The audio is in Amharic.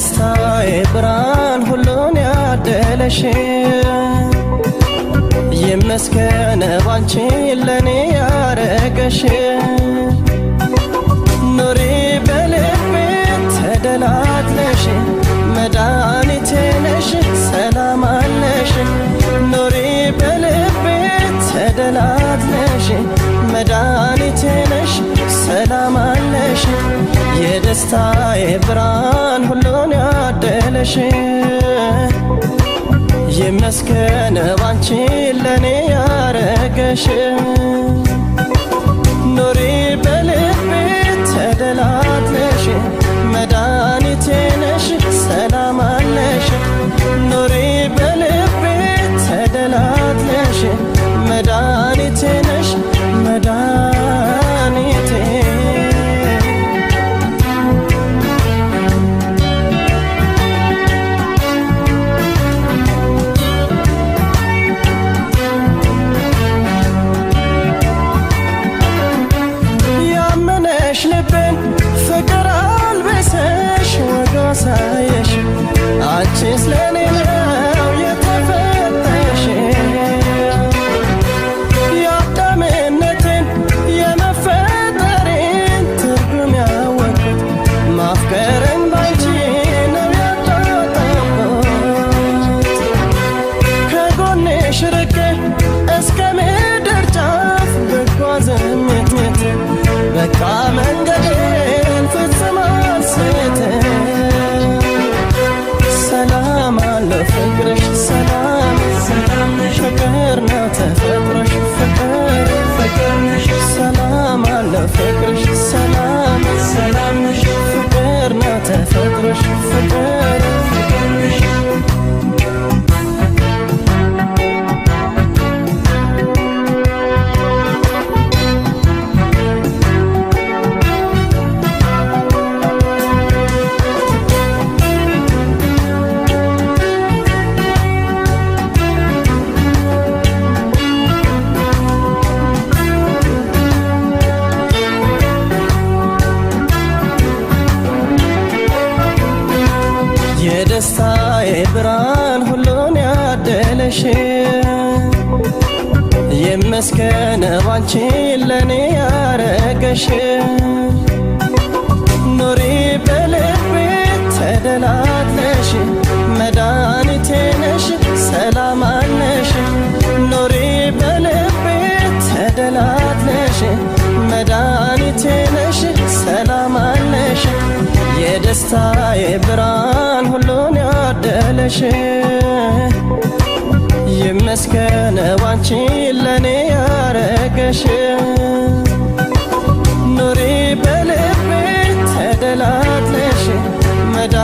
የደስታዬ ብርሃን ሁሉን ያደለሽ ይመስገን ባንቺ ለኔ ያረገሽ የደስታዬ ብርሃን ሁሉን ያደለሽ ይመስገን ባንቺ ለኔ ያረገሽ የደስታዬ ብርሃን ሁሉን ያደለሽ የመስከነው አንቺን ለኔ ያረገሽ ኖሪ በልቤ ተደላትለሽ መድኃኒቴ ነሽ ሰላም አለሽ ኖሪ በልቤ ተደላትለሽ መድኃኒቴ ነሽ ሰላም አለሽ የደስታዬ ብርሃን ስለሽ ይመስገን ዋንቺን ለኔ ያረገሽ ኑሪ በልቤ ተደላትለሽ መዳ